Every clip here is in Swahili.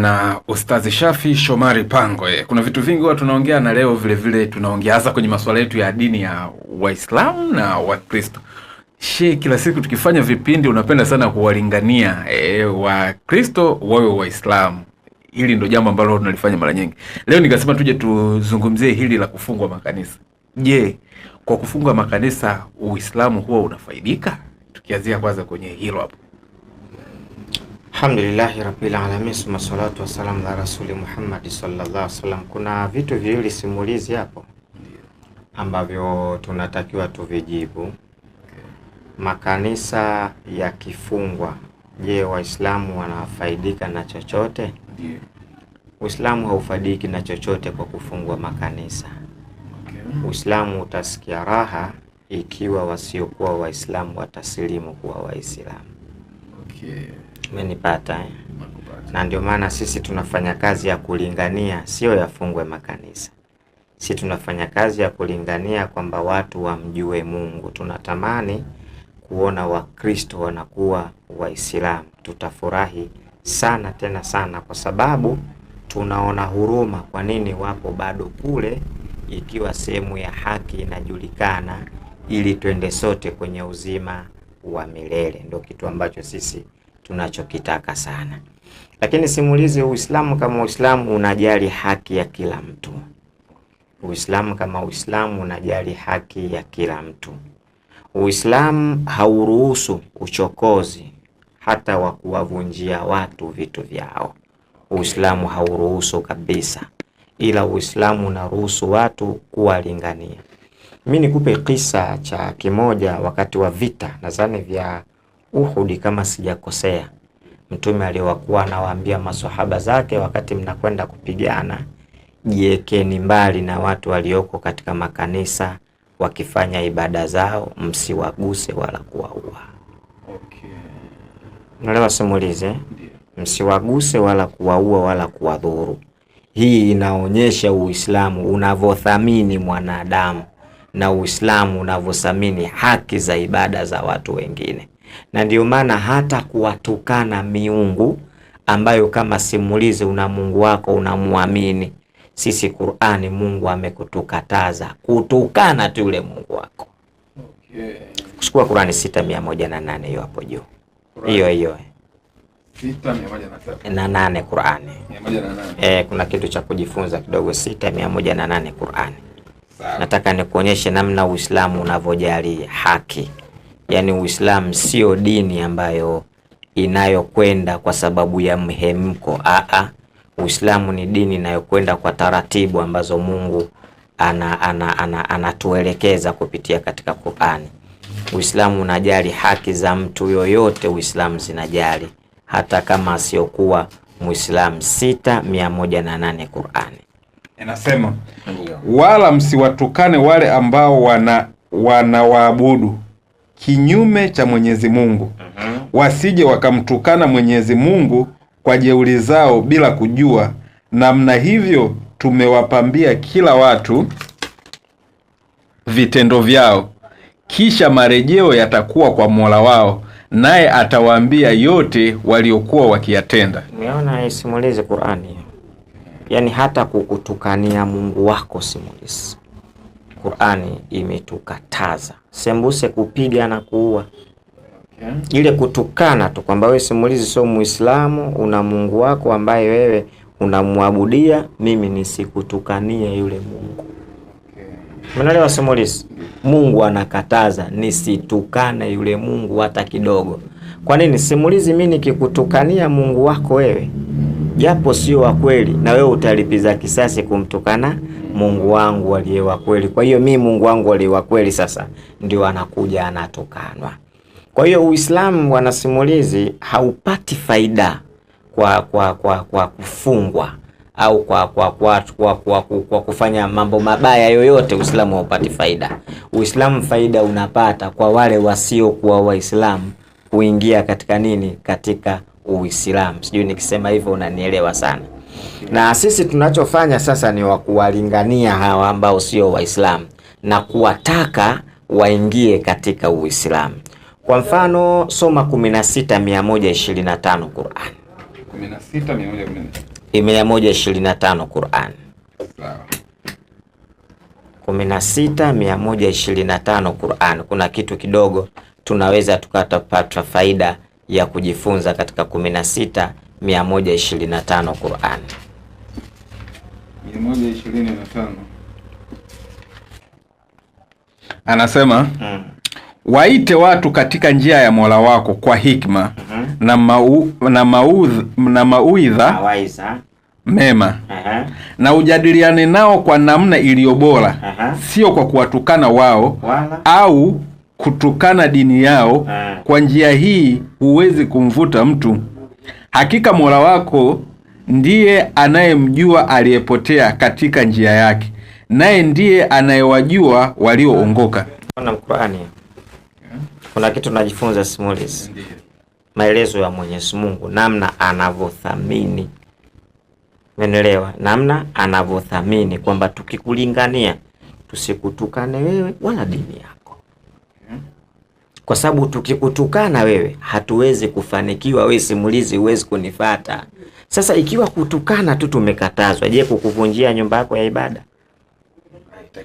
na Ustazi Shafi Shomari Pangwe. Kuna vitu vingi huwa tunaongea na leo vile vile tunaongea hasa kwenye masuala yetu ya dini ya Waislamu na Wakristo. She, kila siku tukifanya vipindi unapenda sana kuwalingania e, Wakristo wawe Waislamu. Hili ndo jambo ambalo tunalifanya mara nyingi. Leo nikasema tuje tuzungumzie hili la kufungwa makanisa. Je, kwa kufungwa makanisa Uislamu huwa unafaidika? Tukianzia kwanza kwenye hilo hapo. Alhamdulillahi rabbil alamin, suma salatu wassalam ala rasuli Muhammadi sallallahu alaihi wasallam. Kuna vitu viwili simulizi hapo ambavyo tunatakiwa tuvijibu. Makanisa yakifungwa, je, Waislamu wanafaidika na chochote? Uislamu haufaidiki na chochote kwa kufungwa makanisa. Uislamu utasikia raha ikiwa wasiokuwa Waislamu watasilimu kuwa Waislamu. Okay umenipata eh? Na ndio maana sisi tunafanya kazi ya kulingania, sio yafungwe makanisa. Sisi tunafanya kazi ya kulingania kwamba watu wamjue Mungu. Tunatamani kuona Wakristo wanakuwa Waislamu, tutafurahi sana tena sana, kwa sababu tunaona huruma. Kwa nini wapo bado kule, ikiwa sehemu ya haki inajulikana, ili twende sote kwenye uzima wa milele. Ndio kitu ambacho sisi tunachokitaka sana. Lakini simulizi, Uislamu kama Uislamu unajali haki ya kila mtu. Uislamu kama Uislamu unajali haki ya kila mtu. Uislamu hauruhusu uchokozi hata wa kuwavunjia watu vitu vyao. Uislamu hauruhusu kabisa, ila Uislamu unaruhusu watu kuwalingania. Mi nikupe kisa cha kimoja wakati wa vita, nadhani vya Uhudi kama sijakosea, mtume aliyowakuwa anawaambia maswahaba zake wakati mnakwenda kupigana, jiekeni mbali na watu walioko katika makanisa wakifanya ibada zao, msiwaguse wala kuwaua. Okay. Nalewa simulize Msiwaguse wala kuwaua wala kuwadhuru. Hii inaonyesha Uislamu unavyothamini mwanadamu na Uislamu unavyothamini haki za ibada za watu wengine, na ndio maana hata kuwatukana miungu ambayo kama simulizi una Mungu wako unamwamini. Sisi Qur'ani, Mungu amekutukataza kutukana tu yule Mungu wako okay. Chukua Qur'ani 6:108 hiyo hapo juu, hiyo hiyo na nane Qur'ani. Eh, kuna kitu cha kujifunza kidogo. 6:108 Qur'ani nataka nikuonyeshe namna Uislamu unavyojali haki. Yaani Uislamu sio dini ambayo inayokwenda kwa sababu ya mhemko. Aa, Uislamu ni dini inayokwenda kwa taratibu ambazo Mungu anatuelekeza ana, ana, ana kupitia katika Qur'ani. Uislamu unajali haki za mtu yoyote, Uislamu zinajali hata kama asiyokuwa Muislamu. 6108 Qur'ani inasema wala msiwatukane wale ambao wana wanawaabudu kinyume cha Mwenyezi Mungu uh mhm. -huh. wasije wakamtukana Mwenyezi Mungu kwa jeuri zao bila kujua, namna hivyo tumewapambia kila watu vitendo vyao, kisha marejeo yatakuwa kwa Mola wao, naye atawaambia yote waliokuwa wakiyatenda. Umeona, isimulize Qur'ani yani hata kukutukania Mungu wako simulizi. Qurani imetukataza sembuse kupiga na kuua, okay. Ile kutukana tu kwamba wewe simulizi sio Muislamu, una Mungu wako ambaye wewe unamwabudia, mimi nisikutukanie yule Mungu okay. Mnaelewa simulizi? Mungu anakataza nisitukane yule Mungu hata kidogo. Kwa nini simulizi? Mimi nikikutukania Mungu wako wewe japo sio wa kweli, na wewe utalipiza kisasi kumtukana Mungu wangu aliye wa kweli. Kwa hiyo mi Mungu wangu aliye wa kweli sasa ndio anakuja anatukanwa. Kwa hiyo Uislamu, wanasimulizi, haupati faida kwa kwa kwa kwa kufungwa au kwa kwa kwa kwa, kwa, kwa kufanya mambo mabaya yoyote. Uislamu haupati faida. Uislamu faida unapata kwa wale wasiokuwa Waislamu kuingia katika nini, katika Uislamu. Sijui nikisema hivyo unanielewa sana. Na sisi tunachofanya sasa ni wa kuwalingania hawa ambao sio Waislamu na kuwataka waingie katika Uislamu. Kwa mfano soma 16125 Qur'an. 16125 Qur'an. Sawa. 16125 Qur'an. Kuna kitu kidogo tunaweza tukatapata faida ya kujifunza katika 16 125 Qur'an. 125 anasema mm. Waite watu katika njia ya Mola wako kwa hikma mm -hmm. na mau, na mauidha na mema uh -huh. na ujadiliane nao kwa namna iliyo bora uh -huh. sio kwa kuwatukana wao wala. au kutukana dini yao ah. Kwa njia hii huwezi kumvuta mtu. Hakika Mola wako ndiye anayemjua aliyepotea katika njia yake, naye ndiye anayewajua walioongoka. Na Qur'ani, kuna kitu tunajifunza simulizi, maelezo ya Mwenyezi Mungu, namna anavyothamini, menelewa, Namna anavyothamini kwamba tukikulingania tusikutukane wewe wala dini yako kwa sababu tukikutukana wewe hatuwezi kufanikiwa. Wewe simulizi, huwezi kunifata. Sasa ikiwa kutukana tu tumekatazwa, je, kukuvunjia nyumba yako ya ibada?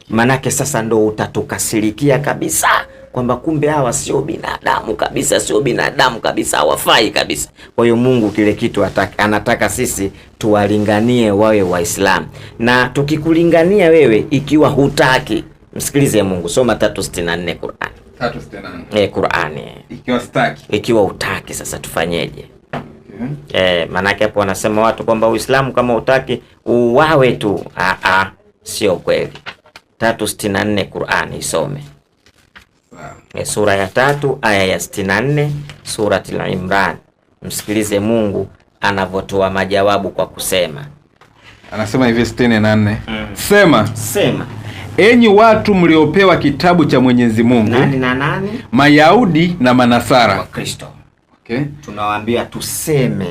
Manake sasa ndo utatukasirikia kabisa kwamba kumbe hawa sio binadamu kabisa, sio binadamu kabisa, hawafai kabisa. Kwa hiyo Mungu kile kitu ataka, anataka sisi tuwalinganie wawe Waislamu, na tukikulingania wewe ikiwa hutaki, msikilize Mungu. Soma 364 Qur'an e, Qur'ani ikiwa staki, ikiwa utaki, sasa tufanyeje? okay. E, maanake hapo wanasema watu kwamba Uislamu kama utaki uwawe tu. A ah, -a, ah, sio kweli. tatu sitini na nne Qur'ani isome wow. E, eh, sura ya tatu aya ya sitini na nne Surati Al-Imran, msikilize Mungu anavyotoa majawabu kwa kusema, anasema hivi sitini na nne mm. sema sema enyi watu mliopewa kitabu cha Mwenyezi Mungu, nani na nani? Mayahudi na Manasara, Kristo. Okay. Tunawaambia tuseme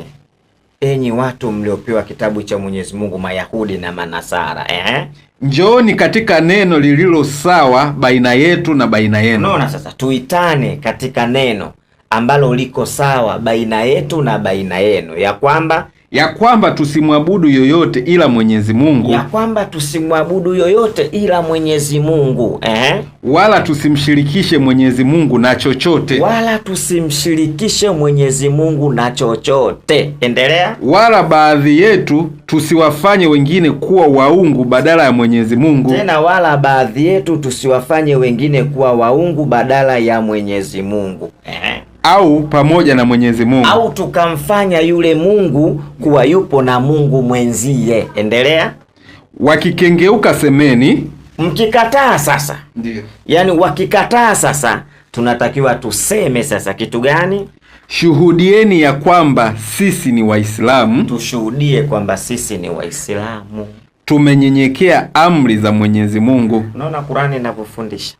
enyi watu mliopewa kitabu cha Mwenyezi Mungu, Mayahudi na Manasara eh? Njooni katika neno lililo sawa baina yetu na baina yenu. Unaona sasa, tuitane katika neno ambalo liko sawa baina yetu na baina yenu, ya kwamba ya kwamba tusimwabudu yoyote ila Mwenyezi Mungu, ya kwamba tusimwabudu yoyote ila Mwenyezi Mungu eh? wala tusimshirikishe Mwenyezi Mungu na chochote, wala tusimshirikishe Mwenyezi Mungu na chochote. Endelea. Wala baadhi yetu tusiwafanye wengine kuwa waungu badala ya Mwenyezi Mungu, tena wala baadhi yetu tusiwafanye wengine kuwa waungu badala ya Mwenyezi Mungu eh? au pamoja na Mwenyezi Mungu au tukamfanya yule Mungu kuwa yupo na Mungu mwenzie. Endelea. Wakikengeuka semeni, mkikataa sasa. Ndiyo. Yaani wakikataa sasa, tunatakiwa tuseme sasa kitu gani? Shuhudieni ya kwamba sisi ni Waislamu. Tushuhudie kwamba sisi ni Waislamu, tumenyenyekea amri za Mwenyezi Mungu. Unaona Qur'ani inavyofundisha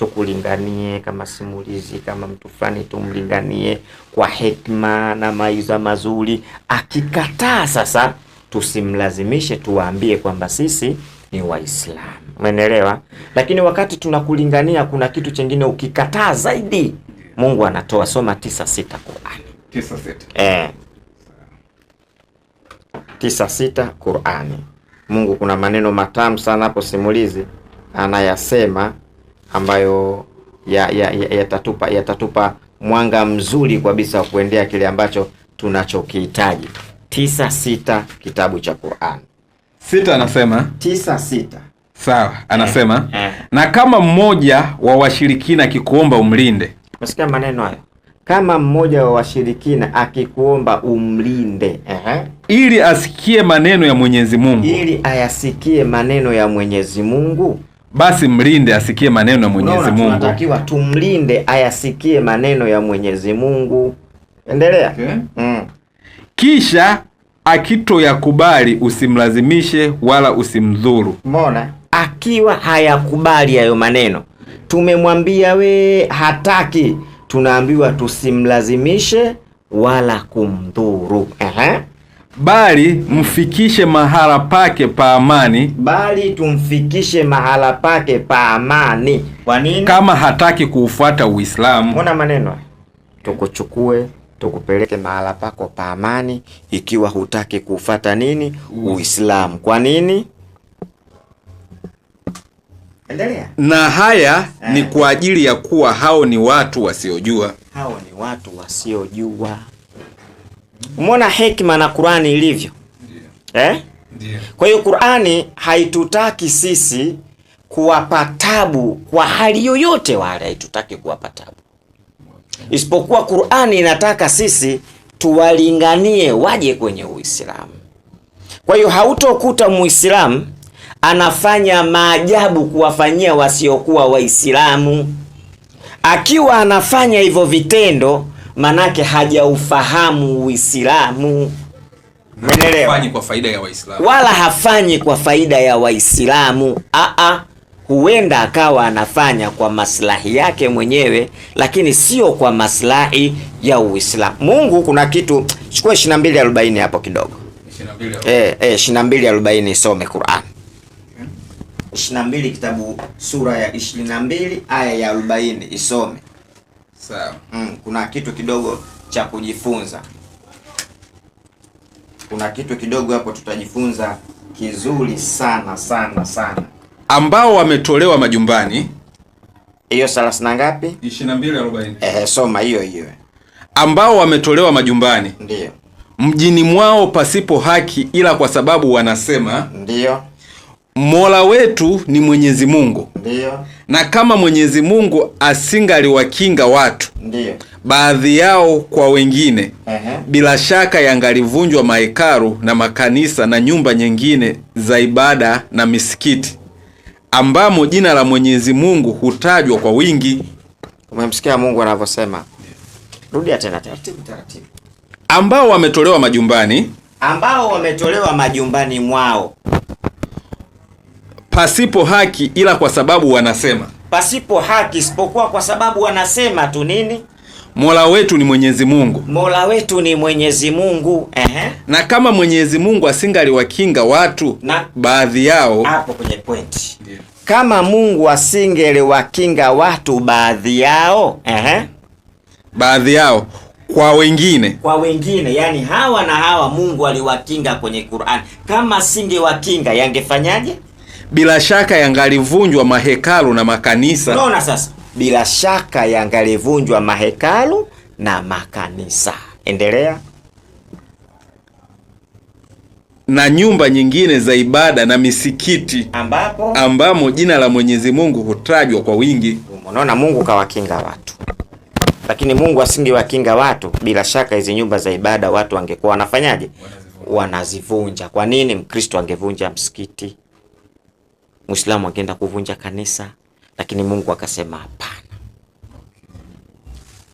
tukulinganie kama simulizi, kama mtu fulani tumlinganie kwa hekima na maiza mazuri. Akikataa sasa, tusimlazimishe, tuwaambie kwamba sisi ni Waislamu, umeelewa? Lakini wakati tunakulingania, kuna kitu chengine ukikataa zaidi, Mungu anatoa. Soma tisa sita Qurani tisa sita eh, tisa sita Qurani. Mungu kuna maneno matamu sana hapo, simulizi anayasema ambayo yatatupa ya, ya, ya yatatupa mwanga mzuri kabisa wa kuendea kile ambacho tunachokihitaji. Tisa sita kitabu cha Qur'an. Sita anasema tisa sita sawa, anasema eh, eh, na kama mmoja wa washirikina akikuomba umlinde. Umesikia maneno hayo? Kama mmoja wa washirikina akikuomba umlinde, eh, ili asikie maneno ya Mwenyezi Mungu, ili ayasikie maneno ya Mwenyezi Mungu basi mlinde asikie maneno ya Mwenyezi Mungu. Tunatakiwa tumlinde ayasikie maneno ya Mwenyezi Mungu. Endelea. Okay. Mm. Kisha akitoyakubali usimlazimishe wala usimdhuru. Umeona? akiwa hayakubali hayo maneno, tumemwambia we hataki, tunaambiwa tusimlazimishe wala kumdhuru. -huh bali mfikishe mahala pake pa amani, bali tumfikishe mahala pake pa amani. Kwa nini? Kama hataki kuufuata Uislamu. Mbona maneno tukuchukue tukupeleke mahala pako pa amani, ikiwa hutaki kuufata nini? Uislamu. Kwa nini? Endelea. Na haya ni eh. kwa ajili ya kuwa hao ni watu wasiojua, hao ni watu wasiojua. Umeona hekima na Qur'ani ilivyo? Eh? Kwa hiyo Qur'ani haitutaki sisi kuwapa tabu kwa hali yoyote wale, haitutaki kuwapa tabu, isipokuwa Qur'ani inataka sisi tuwalinganie waje kwenye Uislamu. Kwa hiyo hautokuta Muislamu anafanya maajabu kuwafanyia wasiokuwa Waislamu. Akiwa anafanya hivyo vitendo manake hajaufahamu Uislamu. Umeelewa? Hafanyi kwa faida ya Waislamu. Wala hafanyi kwa faida ya Waislamu. Aa, huenda akawa anafanya kwa maslahi yake mwenyewe, lakini sio kwa maslahi ya Uislamu. Mungu kuna kitu, chukua 22:40 hapo kidogo. 22:40. Eh, eh, 22:40 isome Qur'an. 22 hmm? kitabu sura ya 22 aya ya 40 isome. Sawa. Mm, kuna kitu kidogo cha kujifunza, kuna kitu kidogo hapo tutajifunza kizuri sana sana sana, ambao wametolewa majumbani. Hiyo thelathini na ngapi? 22 Eh, soma hiyo hiyo, ambao wametolewa majumbani, ndiyo mjini mwao pasipo haki, ila kwa sababu wanasema, ndiyo Mola wetu ni Mwenyezi Mungu, ndiyo na kama Mwenyezi Mungu asingaliwakinga watu Ndiyo. baadhi yao kwa wengine uh-huh, bila shaka yangalivunjwa mahekalu na makanisa na nyumba nyingine za ibada na misikiti ambamo jina la Mwenyezi Mungu hutajwa kwa wingi. Umemsikia Mungu anavyosema, rudia tena taratibu taratibu. ambao wametolewa majumbani, ambao wametolewa majumbani mwao pasipo haki ila kwa sababu wanasema. Pasipo haki isipokuwa kwa sababu wanasema tu nini? Mola wetu ni Mwenyezi Mungu. Mola wetu ni Mwenyezi Mungu. Ehe. Na kama Mwenyezi Mungu asingaliwakinga watu na baadhi yao hapo kwenye point. Yeah. Kama Mungu asingeliwakinga watu baadhi yao, ehe. Baadhi yao kwa wengine, kwa wengine, yani hawa na hawa Mungu aliwakinga kwenye Qur'an. Kama asingewakinga yangefanyaje? bila shaka yangalivunjwa mahekalu na makanisa. Unaona sasa, bila shaka yangalivunjwa mahekalu na makanisa. Endelea. Na nyumba nyingine za ibada na misikiti, ambapo ambamo jina la Mwenyezi Mungu hutajwa kwa wingi. Unaona, Mungu kawakinga watu, lakini Mungu asingewakinga watu, bila shaka hizi nyumba za ibada watu wangekuwa wanafanyaje? Wanazivunja. Kwa nini Mkristo angevunja msikiti? Muislamu akienda kuvunja kanisa, lakini Mungu akasema hapana.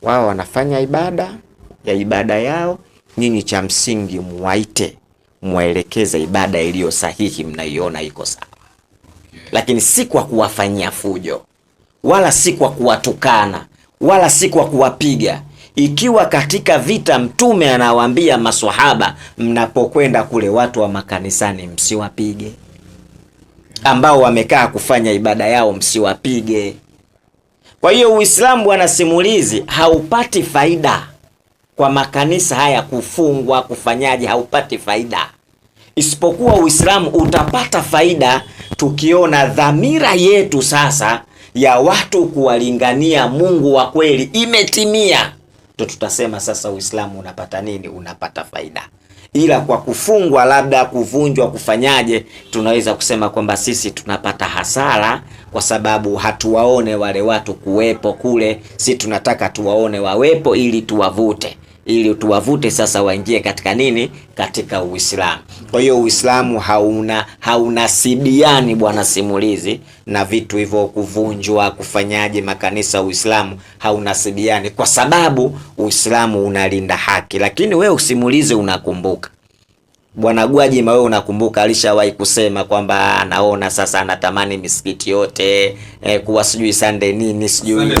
Wao wanafanya ibada ya ibada yao, nyinyi cha msingi mwaite, mwaelekeze ibada iliyo sahihi mnaiona iko sawa, lakini si kwa kuwafanyia fujo wala si kwa kuwatukana wala si kwa kuwapiga. Ikiwa katika vita Mtume anawaambia maswahaba, mnapokwenda kule watu wa makanisani msiwapige ambao wamekaa kufanya ibada yao msiwapige. Kwa hiyo Uislamu, bwana simulizi, haupati faida kwa makanisa haya kufungwa kufanyaje, haupati faida, isipokuwa Uislamu utapata faida tukiona dhamira yetu sasa ya watu kuwalingania Mungu wa kweli imetimia, ndo tutasema sasa Uislamu unapata nini? Unapata faida ila kwa kufungwa labda kuvunjwa, kufanyaje, tunaweza kusema kwamba sisi tunapata hasara, kwa sababu hatuwaone wale watu kuwepo kule. Si tunataka tuwaone wawepo ili tuwavute, ili tuwavute sasa waingie katika nini? Katika Uislamu. Kwa hiyo Uislamu hauna haunasibiani bwana simulizi na vitu hivyo, kuvunjwa kufanyaje makanisa. Uislamu haunasibiani kwa sababu Uislamu unalinda haki, lakini we usimulizi unakumbuka Bwana Gwajima, wewe unakumbuka, alishawahi kusema kwamba anaona ah, sasa anatamani misikiti yote eh, kuwa sijui Sunday nini sijui.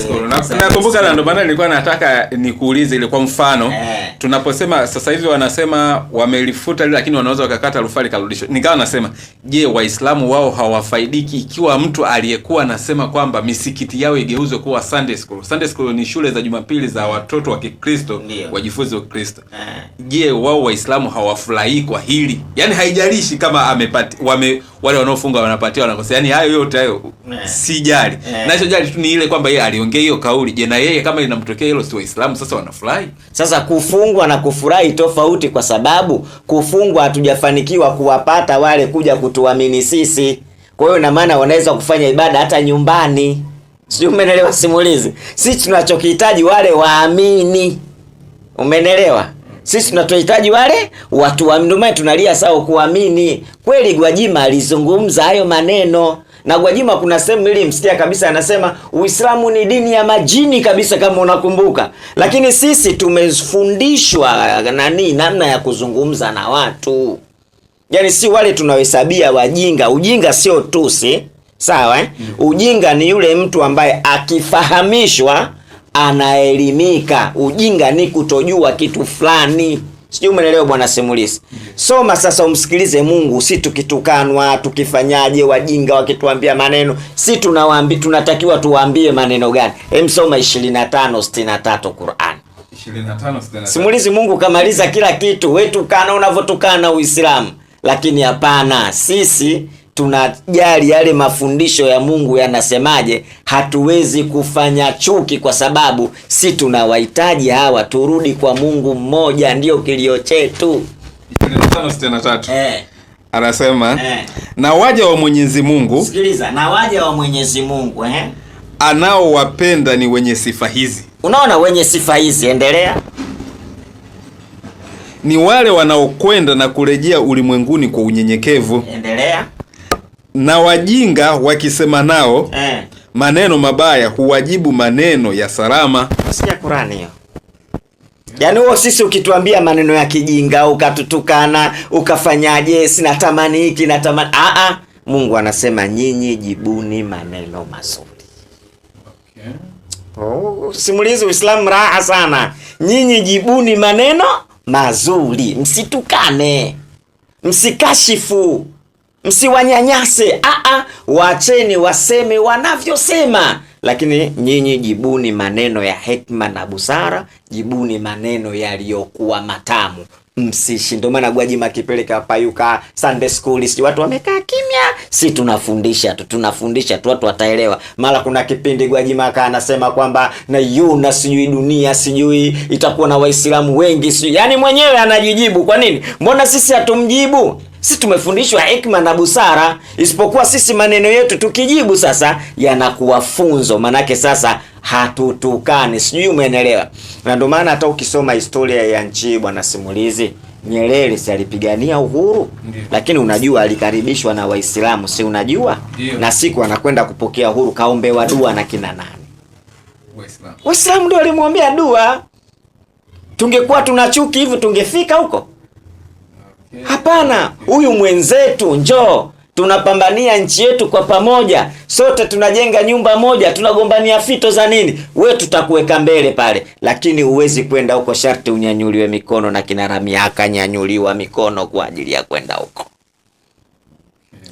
Nakumbuka na ndo maana nilikuwa nataka nikuulize ile kwa mfano eh, tunaposema sasa hivi wanasema wamelifuta ile, lakini wanaweza wakakata rufaa likarudishwa. Nikawa nasema je, Waislamu wao hawafaidiki ikiwa mtu aliyekuwa anasema kwamba misikiti yao igeuzwe kuwa Sunday school. Sunday school ni shule za Jumapili za watoto wa Kikristo wajifunze Ukristo. Eh. Je, wao Waislamu hawafurahi kwa hili. yani haijalishi kama amepati, wame, wale wanaofunga wanapatia wanakosea yani hayo yote hayo eh. sijali. Eh. Nachojali tu ni ile kwamba yeye aliongea hiyo kauli. Je, na yeye kama inamtokea hilo si Waislamu sasa wanafurahi? Sasa kufungwa na kufurahi tofauti kwa sababu kufungwa hatujafanikiwa kuwapata wale kuja kutuamini sisi. Kwa hiyo na maana wanaweza kufanya ibada hata nyumbani. Sijui umenelewa simulizi. Sisi tunachokihitaji wale waamini. Umenelewa? Sisi tunatohitaji wale watu wa ndumaye, tunalia sawa kuamini kweli. Gwajima alizungumza hayo maneno na Gwajima kuna sehemu ili msikia kabisa, anasema Uislamu ni dini ya majini kabisa, kama unakumbuka. Lakini sisi tumefundishwa nani, namna ya kuzungumza na watu, yaani si wale tunawahesabia wajinga. Ujinga sio tusi, sawa eh? Mm. Ujinga ni yule mtu ambaye akifahamishwa anaelimika. Ujinga ni kutojua kitu fulani. Sijui umeelewa bwana Simulizi. Soma sasa umsikilize Mungu, si tukitukanwa, tukifanyaje, wajinga wakituambia maneno, si tunawaambi tunatakiwa tuwaambie maneno gani? Hem, soma 25 63 Qur'an. Simulizi Mungu kamaliza kila kitu, wewe tukana unavyotukana Uislamu. Lakini hapana, sisi tunajali yale mafundisho ya Mungu yanasemaje. Hatuwezi kufanya chuki kwa sababu si tunawahitaji hawa, turudi kwa Mungu mmoja, ndiyo kilio chetu. Eh. Anasema eh, na waja wa Mwenyezi Mungu, sikiliza, na waja wa Mwenyezi Mungu eh, anaowapenda ni wenye sifa hizi. Unaona, wenye sifa hizi, endelea ni wale wanaokwenda na kurejea ulimwenguni kwa unyenyekevu. Endelea na wajinga wakisema nao eh, maneno mabaya huwajibu maneno ya salama. Sikia Qurani hiyo. Yaani huo sisi ukituambia maneno ya kijinga ukatutukana ukafanyaje, tamani hiki tamani. a ah, a, ah. Mungu anasema nyinyi jibuni maneno mazuri. Okay. Oh, simulizi Uislamu raha sana. Nyinyi jibuni maneno mazuri, msitukane, msikashifu msiwanyanyase. Aa, wacheni waseme wanavyosema, lakini nyinyi jibuni maneno ya hekima na busara, jibuni maneno yaliyokuwa matamu msishi. Ndio maana Gwajima kipeleka payuka Sunday school, si watu wamekaa kimya, si tunafundisha tu tunafundisha tu, watu wataelewa. Mara kuna kipindi Gwajima akaa anasema kwamba na yuna sijui dunia sijui itakuwa na Waislamu wengi sijui, yaani mwenyewe anajijibu. Kwa nini? Mbona sisi hatumjibu? si tumefundishwa hekima na busara, isipokuwa sisi maneno yetu tukijibu sasa yanakuwa funzo, manake sasa hatutukani. Sijui umeelewa? Na ndio maana hata ukisoma historia ya nchi bwana simulizi Nyerere si alipigania uhuru Ndiyo. Lakini unajua alikaribishwa na Waislamu si unajua Ndiyo. Na siku anakwenda kupokea uhuru kaombewa dua na kina nani? Waislamu ndio walimwombea dua. Tungekuwa tuna chuki hivi tungefika huko? Hapana, huyu mwenzetu, njoo tunapambania nchi yetu kwa pamoja, sote tunajenga nyumba moja, tunagombania fito za nini? We tutakuweka mbele pale, lakini huwezi kwenda huko, sharti unyanyuliwe mikono. Na kinaramia akanyanyuliwa mikono kwa ajili ya kwenda huko,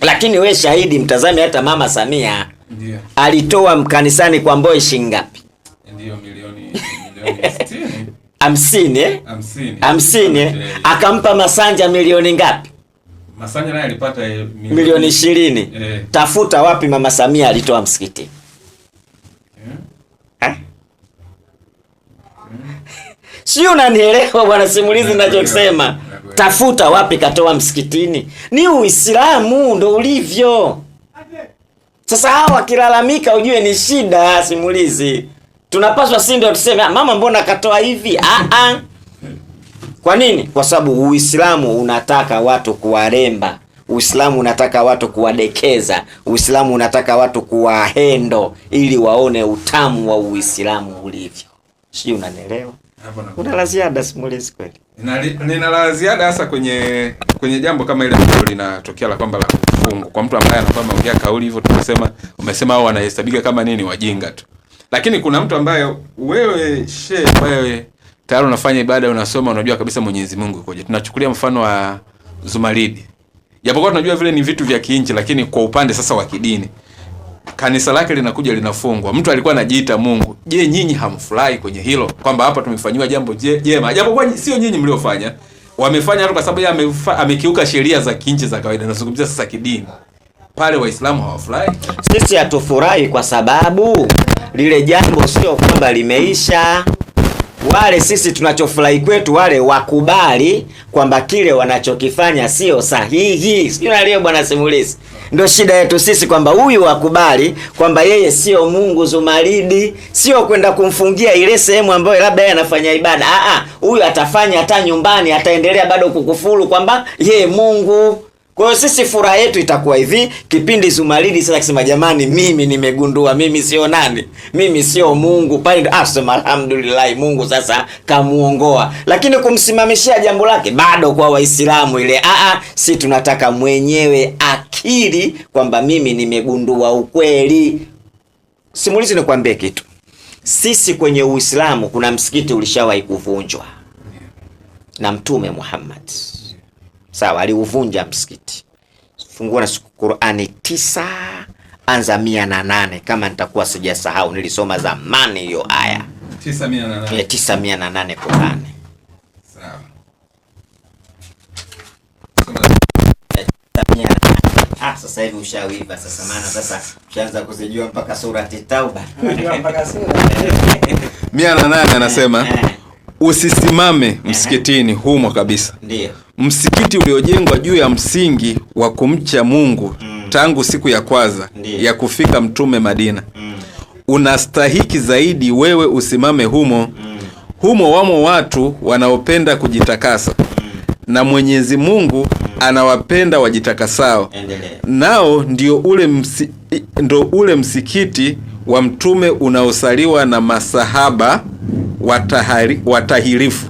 lakini we shahidi mtazame, hata mama Samia Ndiyo. alitoa mkanisani kwa mboye shilingi ngapi? Ndiyo, milioni, milioni hamsini hamsini, akampa Masanja milioni ngapi? Masanja naye alipata eh, milioni ishirini. Eh, tafuta wapi Mama Samia alitoa msikiti eh? Eh? Sio, unanielewa bwana simulizi ninachosema? Tafuta wapi katoa msikitini. Ni Uislamu ndo ulivyo. Sasa hawa wakilalamika, ujue ni shida simulizi tunapaswa si ndio tuseme ah, mama, mbona akatoa hivi? Aa, ah, ah. kwa nini? Kwa sababu Uislamu unataka watu kuwaremba, Uislamu unataka watu kuwadekeza, Uislamu unataka watu kuwahendo ili waone utamu wa Uislamu ulivyo. si unanielewa? Una la ziada simulizi kweli? Nina la ziada hasa kwenye kwenye jambo kama ile ambalo linatokea la kwamba la kufungu kwa mtu ambaye anakuwa ameongea kauli hivyo, tunasema umesema hao wanahesabika kama nini, wajinga tu. Lakini kuna mtu ambaye wewe she wewe tayari unafanya ibada, unasoma, unajua kabisa Mwenyezi Mungu ukoje. Tunachukulia mfano wa Zumaridi, japokuwa tunajua vile ni vitu vya kiinchi, lakini kwa upande sasa wa kidini, kanisa lake linakuja linafungwa, mtu alikuwa anajiita Mungu. Je, nyinyi hamfurahi kwenye hilo kwamba hapa tumefanyiwa jambo jema, japokuwa sio nyinyi mliofanya, wamefanya hata kwa sababu yeye amekiuka sheria za kiinchi za kawaida. Nazungumzia sasa kidini, pale Waislamu hawafurahi. Sisi hatufurahi kwa sababu lile jambo sio kwamba limeisha. Wale sisi tunachofurahi kwetu, wale wakubali kwamba kile wanachokifanya sio sahihi. Sio nalio bwana simulizi, ndio shida yetu sisi, kwamba huyu wakubali kwamba yeye sio Mungu Zumaridi, sio kwenda kumfungia ile sehemu ambayo labda yeye anafanya ibada. Huyu atafanya hata nyumbani, ataendelea bado kukufuru kwamba yeye Mungu kwa hiyo sisi furaha yetu itakuwa hivi kipindi Zumaridi sasa akisema jamani, mimi nimegundua, mimi sio nani, mimi sio Mungu pale, asema ah, alhamdulillah, Mungu sasa kamuongoa. Lakini kumsimamishia jambo lake bado kwa Waislamu ile a, ah, ah, si tunataka mwenyewe akili kwamba mimi nimegundua ukweli. Simulizi, nikwambie kitu, sisi kwenye Uislamu kuna msikiti ulishawahi kuvunjwa na Mtume Muhammad, sawa, aliuvunja msikiti fungua na Qur'ani tisa anza mia na nane kama nitakuwa sijasahau, nilisoma zamani hiyo aya tisa mia na nane, eh, tisa mia na nane Qur'ani. Ah, sasa hivi ushawiva sasa, maana sasa ushaanza kuzijua mpaka surati Tauba mpaka sura mia na nane anasema eh usisimame msikitini humo kabisa. Ndiyo. Msikiti uliojengwa juu ya msingi wa kumcha Mungu mm. tangu siku ya kwanza ya kufika mtume Madina mm. unastahiki zaidi wewe usimame humo mm. humo wamo watu wanaopenda kujitakasa mm. na Mwenyezi Mungu mm. anawapenda wajitakasao, nao ndio ule, msi, ndo ule msikiti wa mtume unaosaliwa na masahaba watahari, watahirifu.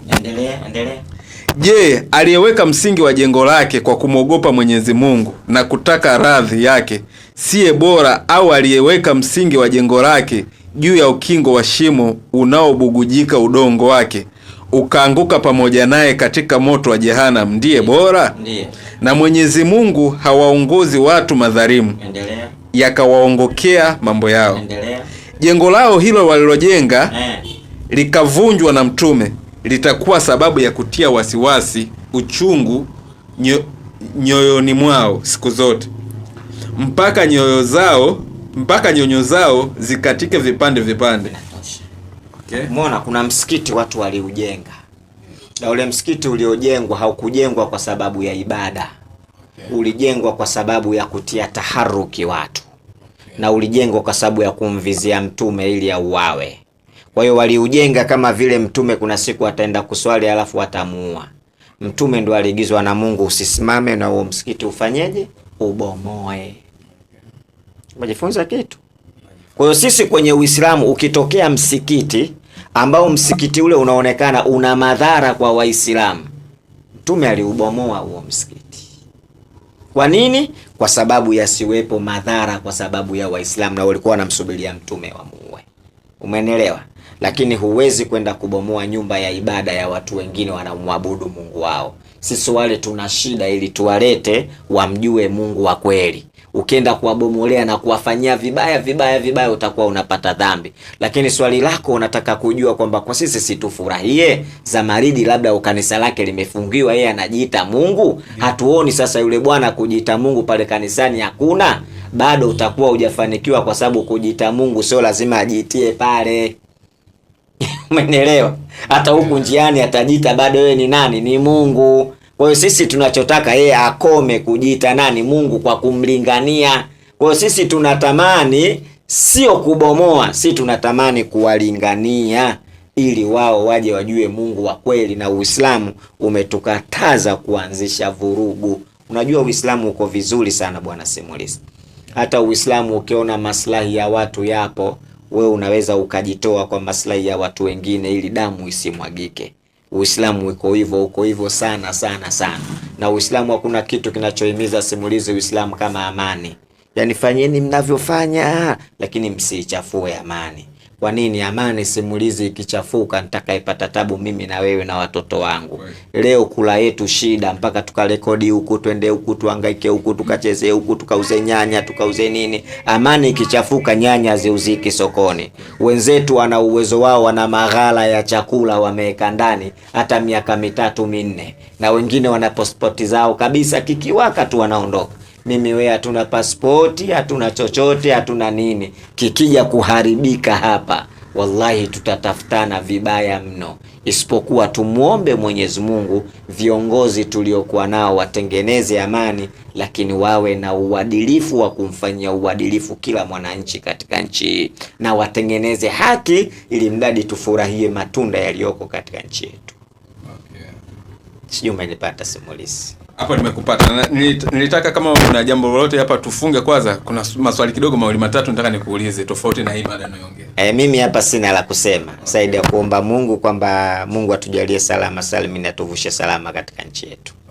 Je, aliyeweka msingi wa jengo lake kwa kumwogopa Mwenyezi Mungu na kutaka radhi yake siye bora au aliyeweka msingi wa jengo lake juu ya ukingo wa shimo unaobugujika udongo wake ukaanguka pamoja naye katika moto wa Jehanamu ndiye bora? Ndiye. Na Mwenyezi Mungu hawaongozi watu madhalimu yakawaongokea mambo yao. Endelea. Jengo lao hilo walilojenga eh likavunjwa na mtume litakuwa sababu ya kutia wasiwasi, uchungu nyo, nyoyoni mwao siku zote, mpaka nyoyo zao mpaka nyonyo zao zikatike vipande vipande. Okay. mona kuna msikiti watu waliujenga, na ule msikiti uliojengwa haukujengwa kwa sababu ya ibada. Okay. Ulijengwa kwa sababu ya kutia taharuki watu. Okay. Na ulijengwa kwa sababu ya kumvizia mtume ili auawe. Kwa hiyo waliujenga kama vile mtume kuna siku ataenda kuswali alafu atamuua Mtume ndo aliigizwa na Mungu, usisimame na huo msikiti ufanyeje? Ubomoe. Umejifunza kitu? Kwa hiyo sisi kwenye Uislamu ukitokea msikiti ambao msikiti ule unaonekana una madhara kwa Waislamu, mtume aliubomoa huo msikiti. Kwa nini? Kwa sababu yasiwepo madhara kwa sababu ya Waislamu, na walikuwa wanamsubiria mtume wa Mungu. Umenelewa? Lakini huwezi kwenda kubomoa nyumba ya ibada ya watu wengine wanaomwabudu Mungu wao. Sisi wale tuna shida ili tuwalete wamjue Mungu wa kweli. Ukienda kuwabomolea na kuwafanyia vibaya vibaya vibaya, utakuwa unapata dhambi. Lakini swali lako unataka kujua kwamba kwa sisi situfurahie Zamaridi, labda kanisa lake limefungiwa, yeye anajiita Mungu. Hatuoni sasa yule bwana kujiita Mungu pale kanisani, hakuna bado utakuwa hujafanikiwa, kwa sababu kujita Mungu sio lazima ajiitie pale. Umeelewa? hata huku njiani atajita bado yeye ni nani? Ni Mungu. Kwa hiyo sisi tunachotaka yeye akome kujita nani? Mungu, kwa kumlingania. Kwa hiyo sisi tunatamani sio kubomoa, si tunatamani kuwalingania ili wao waje wajue Mungu wa kweli. Na Uislamu umetukataza kuanzisha vurugu. Unajua Uislamu uko vizuri sana, bwana simulisi hata Uislamu ukiona maslahi ya watu yapo, wewe unaweza ukajitoa kwa maslahi ya watu wengine ili damu isimwagike. Uislamu uko hivyo, uko hivyo sana sana sana. Na Uislamu hakuna kitu kinachohimiza simulizi Uislamu kama amani. Yaani fanyeni mnavyofanya, lakini msiichafue amani. Kwa nini amani simulizi ikichafuka nitakayepata tabu mimi na wewe na watoto wangu? Leo kula yetu shida, mpaka tukarekodi huku, twende huku, tuangaike huku, tukacheze huku, tukauze nyanya, tukauze nini. Amani ikichafuka, nyanya ziuziki sokoni. Wenzetu wana uwezo wao, wana maghala ya chakula wameweka ndani hata miaka mitatu minne, na wengine wana zao kabisa, kikiwaka tu wanaondoka mimi wewe, hatuna pasipoti, hatuna chochote, hatuna nini. Kikija kuharibika hapa, wallahi tutatafutana vibaya mno, isipokuwa tumwombe Mwenyezi Mungu viongozi tuliokuwa nao watengeneze amani, lakini wawe na uadilifu wa kumfanyia uadilifu kila mwananchi katika nchi hii, na watengeneze haki, ili mradi tufurahie matunda yaliyoko katika nchi yetu. Sijui umenipata simulizi. Hapa nimekupata. Nilitaka kama kuna jambo lolote hapa tufunge kwanza. Kuna maswali kidogo mawili matatu nataka nikuulize tofauti na hii mada nayoongea. Eh, mimi hapa sina la kusema okay, ya kuomba Mungu kwamba Mungu atujalie salama salimini atuvushe salama katika nchi yetu.